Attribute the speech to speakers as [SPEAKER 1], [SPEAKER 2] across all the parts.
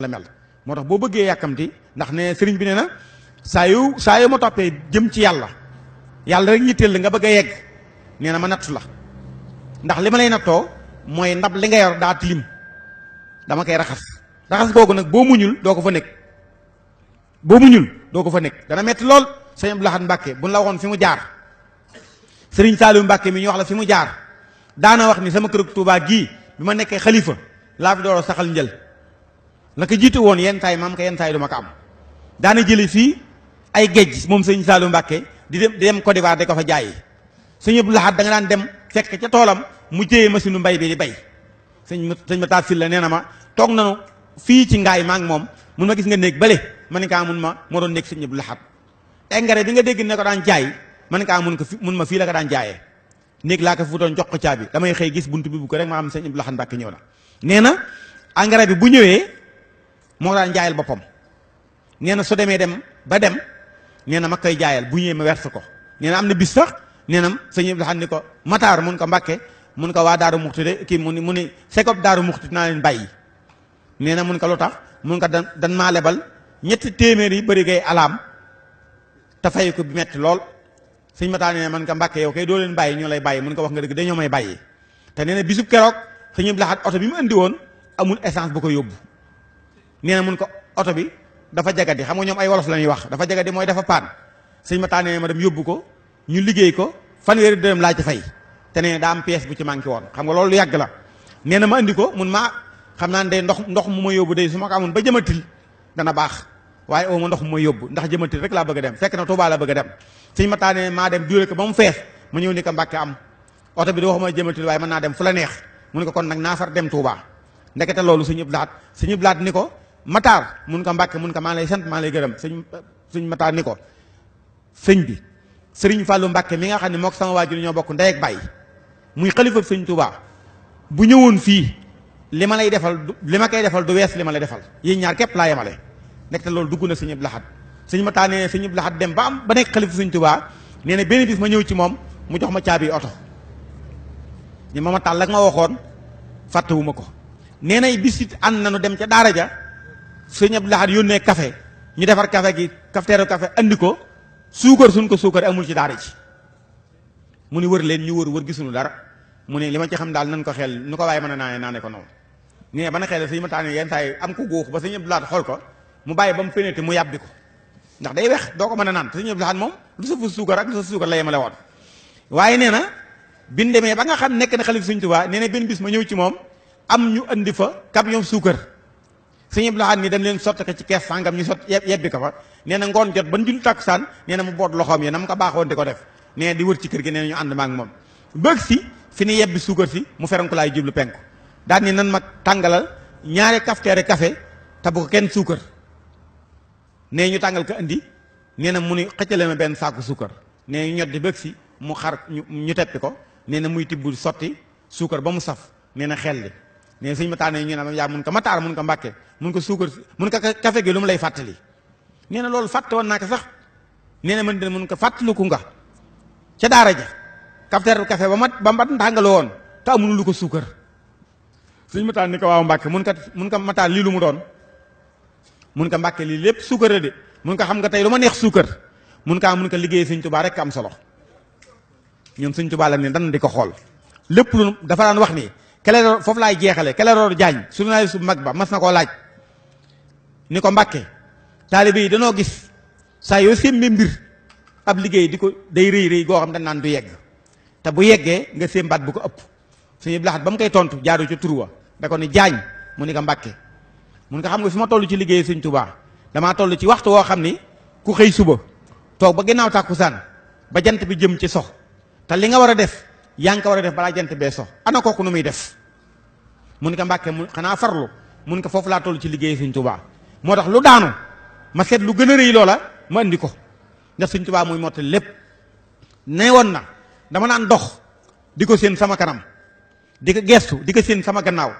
[SPEAKER 1] la mel motax bo beugé yakamti ndax ne sëriñ bi né na sayu sayu mo topé jëm ci yalla yalla rek ñittel nga bëgg yegg né na ma nattu la ndax lima lay natto moy ndab li nga yor da tilim dama kay raxas raxas googu nak bo muñul doo ko fa nek bo muñul doo ko fa nek dana metti lol sëriñ Abdou Lahad Mbàkke la waxon fi jaar sëriñ mbacké mi ñu wax la fi jaar dana wax ni sama kërëk touba gi bima nekké khalifa la fi saxal ñël la ko jitu won yenn mam maam ko yenn taay du ma ko am daana jële fii ay gej mom seigne Saalu mbake di dem di dem Côte d'Ivoire de ko fa jaay seigne Abdou Lahad da nga daan dem fek ci tolam mu jëyee machine mbay bi di bay seigne seigne sëñ la nee ma toog nanu fi ci ngaay ma ak mom mun ma gis nga néeg balé man ka ah mun ma mo doon nekk seigne Abdou Lahad engrais bi nga deg ne ko dan jaay man ka ah mun ko mun ma fi la ka dan jaayee néeg la ka fu doon jox ko caabi damay xey gis buntu bi bu ko rek ma am seigne Abdou Lahad Mbàkke ñëw na bi bu ñewé moo daan jaayal boppam nee na su demee dem ba dem nee na ma koy jaayal bu ñëwee ma wert ko nee am na bis sax nee na sëñ Abdou Lahad ni ko Matar mun ko mbakke mun ko waa Daaru Muxti kii mu ni mu ni sekob Daaru Muxti naa leen bàyyi nee na mun ko lu tax mun ko dan dan maa lebal ñetti téeméer yi bëri gay alaam te fay ko bi metti lool sëñ Matar nee na man ko Mbàkke yow kay doo leen bàyyi ñoo lay bàyyi mun ko wax nga dëgg dañoo may bàyyi te nee na bisub keroog sëñ Abdou Lahad oto bi mu indi woon amul essance bu ko yóbbu nee na mun ko oto bi dafa jagadi xam nga ñoom ay wolof la ñuy wax dafa jagadi mooy dafa paan sëñ ma taane ma dem yóbbu ko ñu liggéey ko fanweeri dërëm laa ci fay te nee daa bu ci manqué woon xam nga loolu yàgg la nee na ma andi ko mun maa xam naa ne ndox ndox mu ma yóbbu day su ma ko amoon ba jëmatil dana baax waaye oo ma ndox mu ma yóbbu ndax jëmatil rek laa bëgg dem fekk na Tuubaa la bëgg a dem sëñ ma taane maa dem ba mu fees mu ñëw ni ko Mbàkke am oto bi di waxuma jëmatil waaye man naa dem fu la neex mun ne ko kon nag naa far dem Tuubaa ndekete loolu sëñ Abdu Lahat sëñ Abdu ni ko matar mun ko mbacke mun ko ma lay sant ma lay geureum sëñ sëñ matar niko ko bi sëriñ fallu mbacke mi nga xamni mok sama waajur ñoo bokk ndey ak bay muy khalifa sëñ touba bu ñewoon fi lima lay defal lima kay defal du wess lima lay defal yi ñaar kep la yemale nek te loolu duguna na sëñ Lahat ne mataar nee dem ba am ba nek khalifa sëñ touba neena benn bis ma ñew ci mom mu jox ma ciabi auto ni mama tal ak ma waxon ko bisit an nañu dem ci daara ja sëñ Abdou Lahad yónnee kafe ñu defar café gi kafteeru café andi ko suukar suñ ko suukar amul ci daara ji mu ni wër leen ñu wër wër gisuñu dara mu ne li ma ci xam daal nañ ko xel nu ko waaye mën a naane naane ko noonu nee ba na xel sëñ Mataane yenn saa yi am ko xool ko mu bàyyi ba mu fénété mu yàbbi ko ndax day weex doo ko mën a naan te sëñ Abdou Lahad moom lu sa fu suukar ak lu sa suukar la woon waaye nee na bin demee ba nga xam nekk na xalif sëñ Tuubaa nee na benn bis ma ñëw ci moom am ñu indi fa camion suukar sëñ Abdou Lahad ni dem leen sotti ko ci kees sot ñu sotti yebbi ko fa neena ngon jot ban jul taksan neena mu bot loxom ye nam ko baxon di def ne di wër ci kër gi nee ñu ànd maak mom bëgg si fini yebbi sugar fi mu ko lay jiblu penko dal ni nan ma tàngalal ñaari kafteere café ta bu ko ken sugar ne ñu tangal ko andi neena mu ni xëccale ma ben sugar ne ñu ñot di bëgg si mu xar ñu teppiko ko muy tibbu sotti sugar ba mu saf neena xel ne seigne mata ne ñu na ya mun ko matar mun ko mbakke mun ko sukur mun ko café gi lum lay fatali na lool fatte won naka sax na man dina mun ko fatlu ku nga ca dara ja kafter café ba mat ba mat ndangal won ta amul lu ko sukar seigne mata ne ko waaw mbakke mun ko mun ko matar li lu mu doon mun ko mbakke li lepp sukar de mun ko xam nga tay luma neex mun ka mun ko liggéey seigne touba rek am solo ñom seigne touba la ne dan ko xol lepp lu dafa wax ni Clédor foofu laay jeexale Clédor Diagne journaliste bu mag magba, mas nako laaj ni mbacke talibi dano gis saa yoo sémbe mbir ab liggey diko ko day reey rëy goo xam dañ naan du yegg ta bu yegge nga sémbaat bu ko upp suñu bilaxat ba mu tontu jaaru ci turwa da ko ni jagn mu ni ko mbàkke mun nga xam nga fi tollu ci liggey seigne touba dama tollu ci waxtu wo xamni ku xey suba tok ba takusan ba jant bi jëm ci sox ta li nga wara def yaa ngi war a def balaa jant bee so ana kooku nu muy def mun ko mbàkke mu xanaa farlu mun ko foofu laa toll ci liggéey Sëñ Tuubaa moo tax lu daanu ma seet lu gën a rëy loola ma indi ko ndax Sëñ Tuubaa muy mottali lépp ne woon na dama naan dox di ko séen sama kanam di ko gestu di ko séen sama gannaaw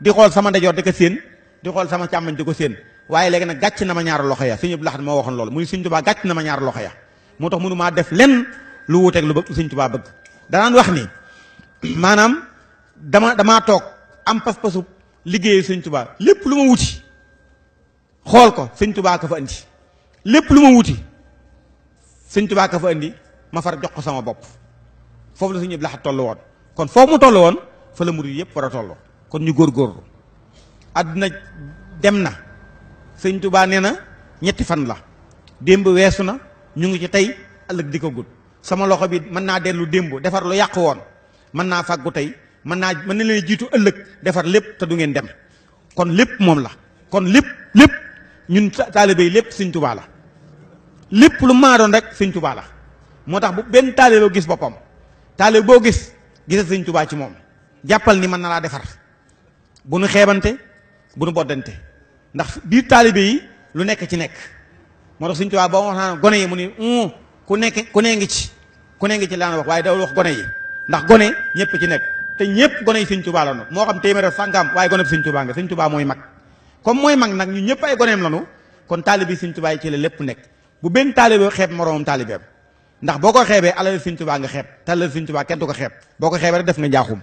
[SPEAKER 1] di xool sama ndajoor di ko séen di xool sama càmmañ di ko séen waaye léegi nag gàcc na ma ñaar loxo ya Sëñ Abdu Lahad moo waxoon mu muy Sëñ Tuubaa gàcc na ma ñaar loxo ya moo tax mënu def lenn lu wuuteeg lu bëgg Sëñ Tuubaa bëgg danaan wax ni maanaam dama damaa toog am pas-pasub liggéeyu sëñ tubaa lépp lu ma wuti xool ko sëñ tubaa ka fa indi lépp lu ma wuti sëñ tubaa ka fa indi ma far jox ko sama bopp foofu la suñu yëpp laxat toll woon kon foofu mu toll woon fa la murid yëpp war a toll kon ñu góorgóorlu àddina dem na sëñ tubaa nee na ñetti fan la démb weesu na ñu ngi ci tey ëllëg di ko gudd sama loxo bi mën naa dellu démb defar lu yàq woon mën naa fàggu tey mën naa mën na leen jiitu ëllëg defar lépp te du ngeen dem kon lépp moom la kon lépp lépp ñun taalibe yi lépp sëñ tubaa la lépp lu maa rek sëñ tubaa la moo tax bu benn taalibe boo gis boppam taalibe boo gis gisa sëñ tubaa ci moom jàppal ni mën na laa defar bu nu xeebante bu nu boddante ndax biir taalibe yi lu nekk ci nekk moo tax sëñ tubaa boo wax naa gone yi mu ni ku nekk ku ne ngi ci ku ne ngi ci wax waaye dawul wax gone yi ndax gone ñëpp ci nekk te ñëpp gone yi Sëñ Tuubaa la moo xam téeméer sàngam waaye gone bi Sëñ Tuubaa nga Sëñ Tuubaa mooy mag comme mooy mag nag ñu ñëpp ay goneem lanu kon taalibi Sëñ Tuubaa yi ci la lépp nekk bu benn taalibe xeeb moroomam taalibeem ndax boo ko xeebee alal Sëñ Tuubaa nga xeeb te alal Sëñ Tuubaa kenn ko xeeb boo ko xeebee rek def nga njaaxum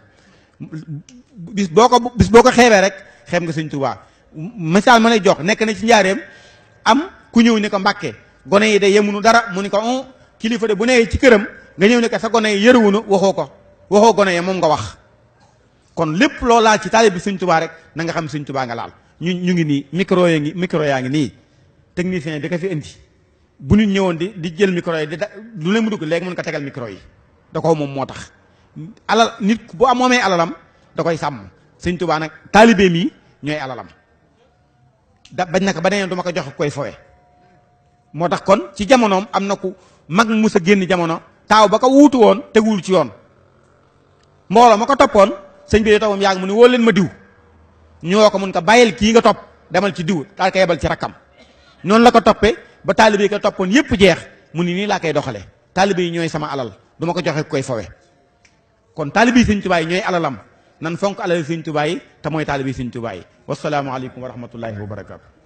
[SPEAKER 1] bis boo ko bis boo ko xeebee rek xeeb nga Sëñ Tuubaa misaal ma lay jox nekk na ci njaareem am ku ñëw ni ko mbàkke gone yi de yemunu dara mu ni ko kilifa de bu nee ci këram nga ñëw ne ko sa gone yi yëruwunu waxoo ko waxoo gone yi moom nga wax kon lépp loo laal ci taalib bi Sëñ rek na nga xam Sëñ Tuubaa nga laal ñu ñu ngi nii micro yaa ngi micro yaa ngi nii technicien yi da ko fi indi bu ñu ñëwoon di di jël micro yi di da lu ne mu dugg léegi mën ko tegal micro yi da ko moom moo tax alal nit bu amoomee alalam da koy sàmm Sëñ Tuubaa nag taalibeem yi ñooy alalam da bañ naka ba nee duma ko jox koy fowe tax kon am na ku mag mu a génn jamono taaw ba ko wuutu woon teguwul ci yoon mbooloo ma ko toppoon sëñ bi de toppam yàgg mu ne woo leen ma diw ñoo ko mun ko bàyyil kii nga topp demal ci diw daal ko yebal ci rakkam noonu la ko toppee ba taalibe yi ko toppoon yépp jeex mu ni nii laa koy doxalee taalibe yi ñooy sama alal duma ko joxe koy fowe kon taalibe yi sëñ Tuubaa yi ñooy alalam nan fonk alal sëñ Tuubaa yi te mooy taalibe yi sëñ Tuubaa yi wasalaamualeykum wa rahmatullahi wa barakaatu.